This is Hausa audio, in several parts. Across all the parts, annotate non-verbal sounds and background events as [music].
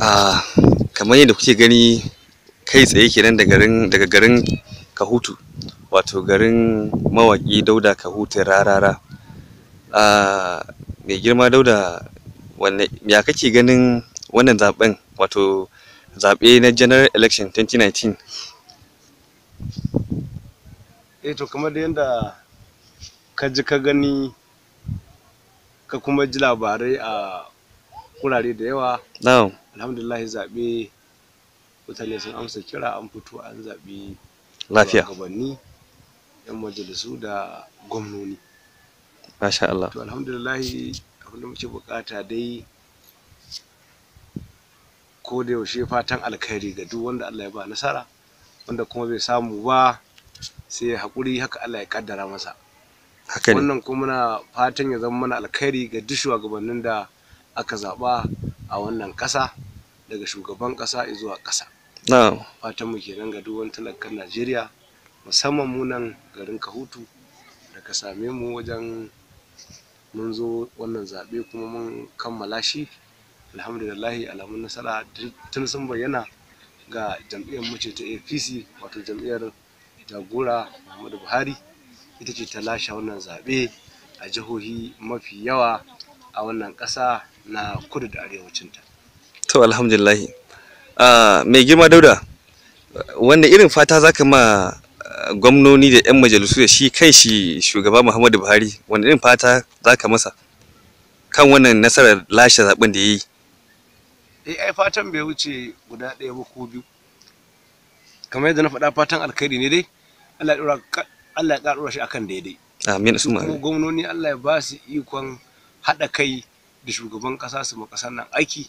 a ah, kamar yadda kuke gani kai tsaye kenan daga garin daga garin Kahutu wato garin mawaƙi Dauda Kahutu Rarara a ah, mai girma Dauda wanne ya kake ganin wannan zaben wato zabe na general election 2019 eh to kamar da yadda ka ji ka gani ka kuma ji labarai a wurare da yawa na'am alhamdulillah zaɓe mutane sun amsa kira an fito an zaɓi lafiya gabanni yan majalisu da gwamnoni masha Allah to alhamdulillah abin da muke bukata dai ko da yaushe fatan alkhairi ga duk wanda Allah ya ba nasara wanda kuma bai samu ba sai ya haƙuri haka Allah ya kaddara masa wannan kuma na fatan ya zama mana alkhairi ga duk shugabannin da aka zaɓa a wannan ƙasa daga shugaban ƙasa zuwa ƙasa fatan mu kenan ga duk talakan najeriya musamman mu nan garin kahutu da ka same mu wajen mun zo wannan zaɓe kuma mun kammala shi alhamdulillahi alamun nasara tun sun bayyana ga jam'iyyar mace ta apc wato jam'iyyar jagora muhammadu buhari ita ce ta lashe wannan zaɓe a jihohi mafi yawa a wannan ƙasa na kudu da arewacinta to alhamdulillahi ah, mai girma dauda wanda irin fata zaka ma ah, gwamnoni da 'yan majalisu da shi kai shi shugaba muhammadu buhari wanda irin fata zaka masa kan wannan nasarar lashe zaben da ya yi eh ai fatan bai wuce guda ɗaya ba ko biyu kamar yadda na faɗa fatan alkhairi ne dai Allah ya dora Allah ya ƙara shi akan daidai amin su gwamnoni Allah ya ba su ikon haɗa kai da shugaban ƙasa su ma ƙasar nan aiki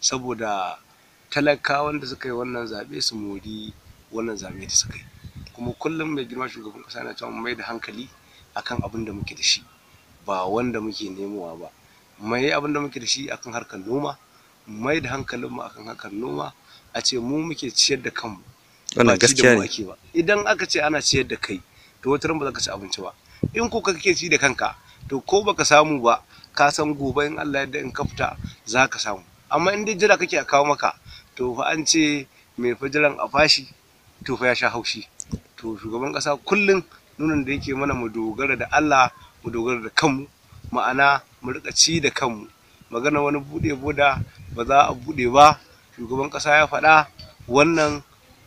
saboda talakawan da suka yi wannan zaɓe su mori wannan zaɓe da suka yi kuma kullum mai girma shugaban ƙasa na cewa mai da hankali akan abin da muke da shi ba wanda muke nemowa ba mai abin da muke da shi akan harkar noma mai da hankalinmu akan harkar noma a ce mu muke ciyar da kanmu wannan gaskiya ne idan aka ce ana ciyar da kai to wata ba za ka ci abinci ba in ko kake ci da kanka to ko baka samu ba ka san gobe in Allah ya yarda in ka fita za ka samu amma in dai jira kake a kawo maka to fa an ce mai fajiran a fashi to fa ya sha haushi to shugaban kasa kullum nunan da yake mana mu dogara da Allah mu dogara da kanmu ma'ana mu rika ci da kanmu magana wani bude boda ba za a bude ba shugaban kasa ya faɗa wannan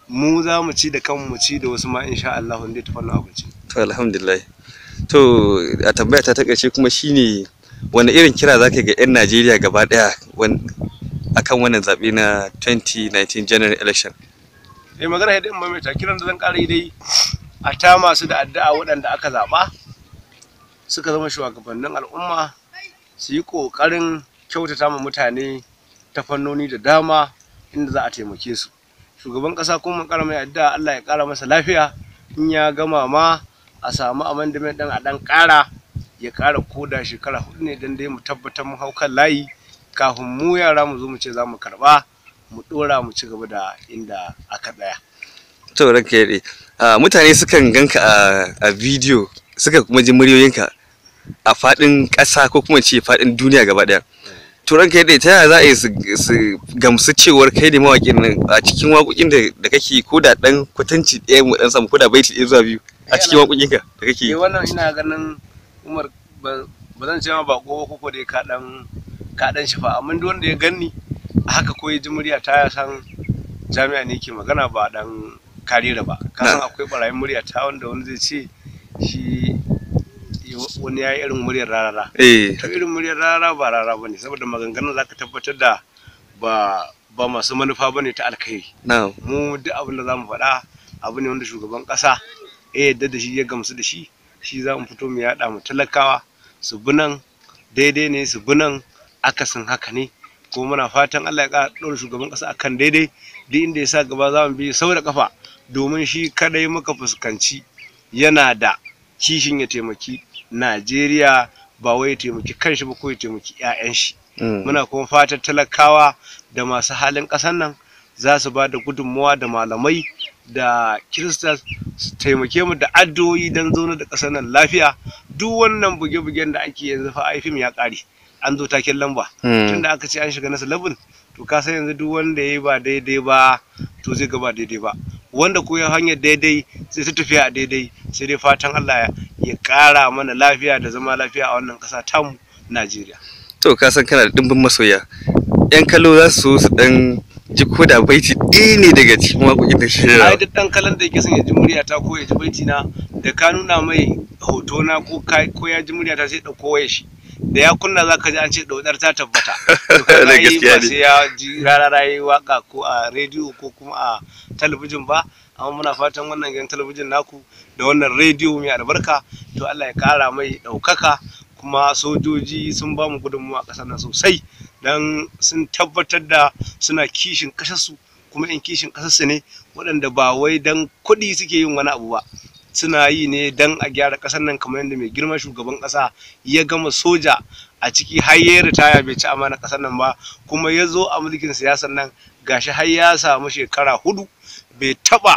mu za mu ci da kanmu mu ci da wasu ma insha Allah inda ta fanna abinci to alhamdulillah to a tambaya ta takaice kuma shine wani irin kira zaka ga 'yan Najeriya gaba daya akan wannan zaɓe na 2019 general election sai magana hidin mai mai kiran da zan ƙara yi dai a ta masu da addu'a waɗanda aka zaɓa suka zama shugabannin al'umma su yi ƙoƙarin kyautata ma mutane ta fannoni da dama inda za a taimake su shugaban ƙasa kuma ƙara mai addu'a Allah ya ƙara masa lafiya in ya gama ma a samu amendment ɗin a dan ƙara ya ƙara koda shekara hudu ne don dai mu tabbatar mu hau kan layi kafin mu yara mu zo mu ce za mu karba mu dora mu ci gaba da inda aka tsaya to ranka yade mutane sukan ganka a bidiyo suka kuma ji muryoyinka a fadin kasa ko kuma ce fadin duniya gaba daya to ranka ne ta yaya za a yi su gamsu cewar kai ne mawaƙin nan a cikin waƙoƙin da kake ko da dan kwatanci ɗaya mu dan samu ko da baiti ɗaya zuwa biyu a cikin ka da kake eh wannan ina ganin Umar ba zan ce ma ba ko da ka dan ta dan shifa amma duk wanda ya ganni haka ko ya ji murya ta ya san jami'a ne ke magana ba dan karira ba san akwai barayin murya ta wanda wani zai ce shi wani ya yi irin muryar rarara eh. ta irin muryar rarara ba rarara ba ne saboda maganganun za ka tabbatar da ba ba masu manufa ba ne ta alkhairi mu duk abin da za faɗa abu ne wanda shugaban ƙasa ya yadda da shi ya gamsu da shi shi za mu fito mu yaɗa mu talakawa su bi nan daidai ne su bi nan akasin haka ne Kuma muna fatan Allah ya ƙara ɗora shugaban ƙasa akan daidai duk inda ya sa gaba za mu bi sau da kafa domin shi kadai muka fuskanci yana da kishin ya taimaki Najeriya ba wai ya taimaki kanshi ba ko ya taimaki 'ya'yan shi mm. muna kuma fatan talakawa da masu halin ƙasan nan za su ba da gudunmuwa da malamai da kirista su taimake mu da addu'o'i don zauna da ƙasar nan lafiya duk wannan buge-bugen da ake yanzu fa fim ya ƙare an zo takin lamba hmm. tunda aka ce an shiga nasa labin to ka san yanzu duk wanda ya yi ba daidai ba to zai gaba daidai ba wanda ko ya hanyar daidai sai ta tafiya a daidai sai dai fatan Allah ya ƙara mana lafiya da zama lafiya a wannan ta mu Najeriya to ka san kana da dimbin masoya yan kallo za su su dan ji ko da baiti ɗaya ne daga cikin waƙoƙin da shi ya duk dan kallon da yake son ya ji murya ta ko ya ji baiti na da ka nuna mai hoto na ko ko ya ji murya ta sai ɗauko waya shi da ya kunna zaka ji an ce dodar ta tabbata [laughs] da ba sai ya ji rarara waka ko a rediyo ko kuma a talabijin ba amma muna fatan wannan gidan talabijin naku da wannan rediyo mai albarka to Allah ya kara mai daukaka kuma sojoji sun ba mu gudunmuwa a ƙasar nan sosai don sun tabbatar da suna kishin ƙasarsu kuma in kishin ƙasarsu ne waɗanda ba wai dan kuɗi suke yin wani abu ba suna yi ne don a gyara ƙasar nan kamar yadda mai girma shugaban ƙasa ya gama soja a ciki har ya ritaya bai ci amana ƙasar nan ba kuma ya zo a mulkin siyasar nan gashi har ya samu shekara hudu bai taɓa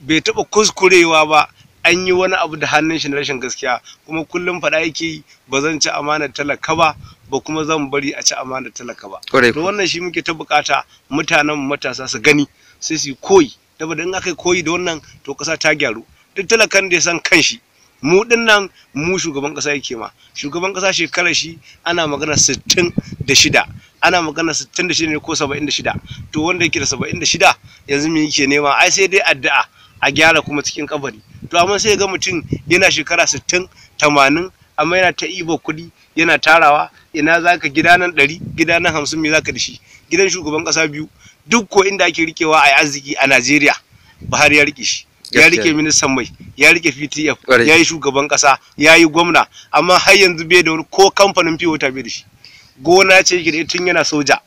bai taɓa kuskurewa ba an yi wani abu da hannun shi na rashin gaskiya kuma kullum faɗa yake ba zan ci amanar talaka ba ba kuma zan bari a ci amanar talaka ba To wannan shi muke ta bukata mutanen matasa su gani sai su koyi da in aka koyi da wannan to ƙasa ta gyaru duk talakan da ya san kanshi mu din nan mu shugaban kasa yake ma shugaban kasa shekarar shi ana magana 66 ana magana 66 ne ko 76 to wanda yake da 76 yanzu me yake nema ai sai dai addu'a a gyara kuma cikin kabari to amma sai ga mutum yana shekara 60 80 amma yana ta ibo kuɗi yana tarawa ina zaka gida nan 100 gida nan 50 me zaka da shi gidan shugaban kasa biyu duk ko inda ake rikewa a arziki a Najeriya Buhari ya rike shi ya rike ministan mai ya rike ptf ya yi shugaban kasa ya yi gwamna amma har yanzu bai da wani ko kamfanin ta bai da shi gona ce yake da tun yana soja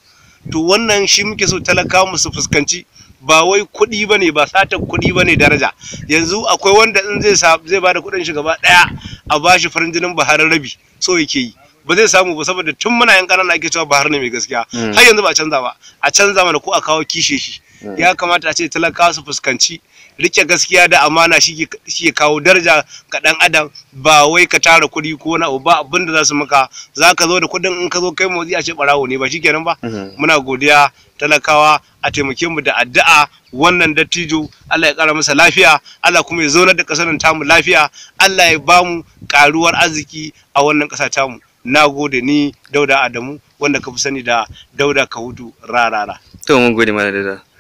to wannan shi muke so talaka mu su fuskanci ba wai kuɗi ba ba sata kuɗi ba daraja yanzu akwai wanda in zai zai ba da kuɗin shi gaba ɗaya a bashi farin jinin baharar rabi so yake yi ba zai samu ba saboda tun muna yan ƙanana ake cewa bahar ne mai gaskiya hmm. har yanzu ba a canza ba a canza mana ko a kawo kishe shi Mm. ya kamata a ce talakawa su fuskanci rike gaskiya da amana shi ke kawo daraja ga dan adam ba wai ka tara kuɗi ko na ba abinda za su maka za ka zo da kuɗin in ka zo kai motsi a ce barawo ne ba shi kenan ba mm-hmm. muna godiya talakawa a taimake mu da addu'a wannan dattijo Allah ya kara masa lafiya Allah kuma ya zaunar da ƙasar mu lafiya Allah ya ba mu karuwar arziki a wannan ƙasa mu. na gode ni dauda adamu wanda ka fi sani da dauda kahudu rarara to mun gode mana da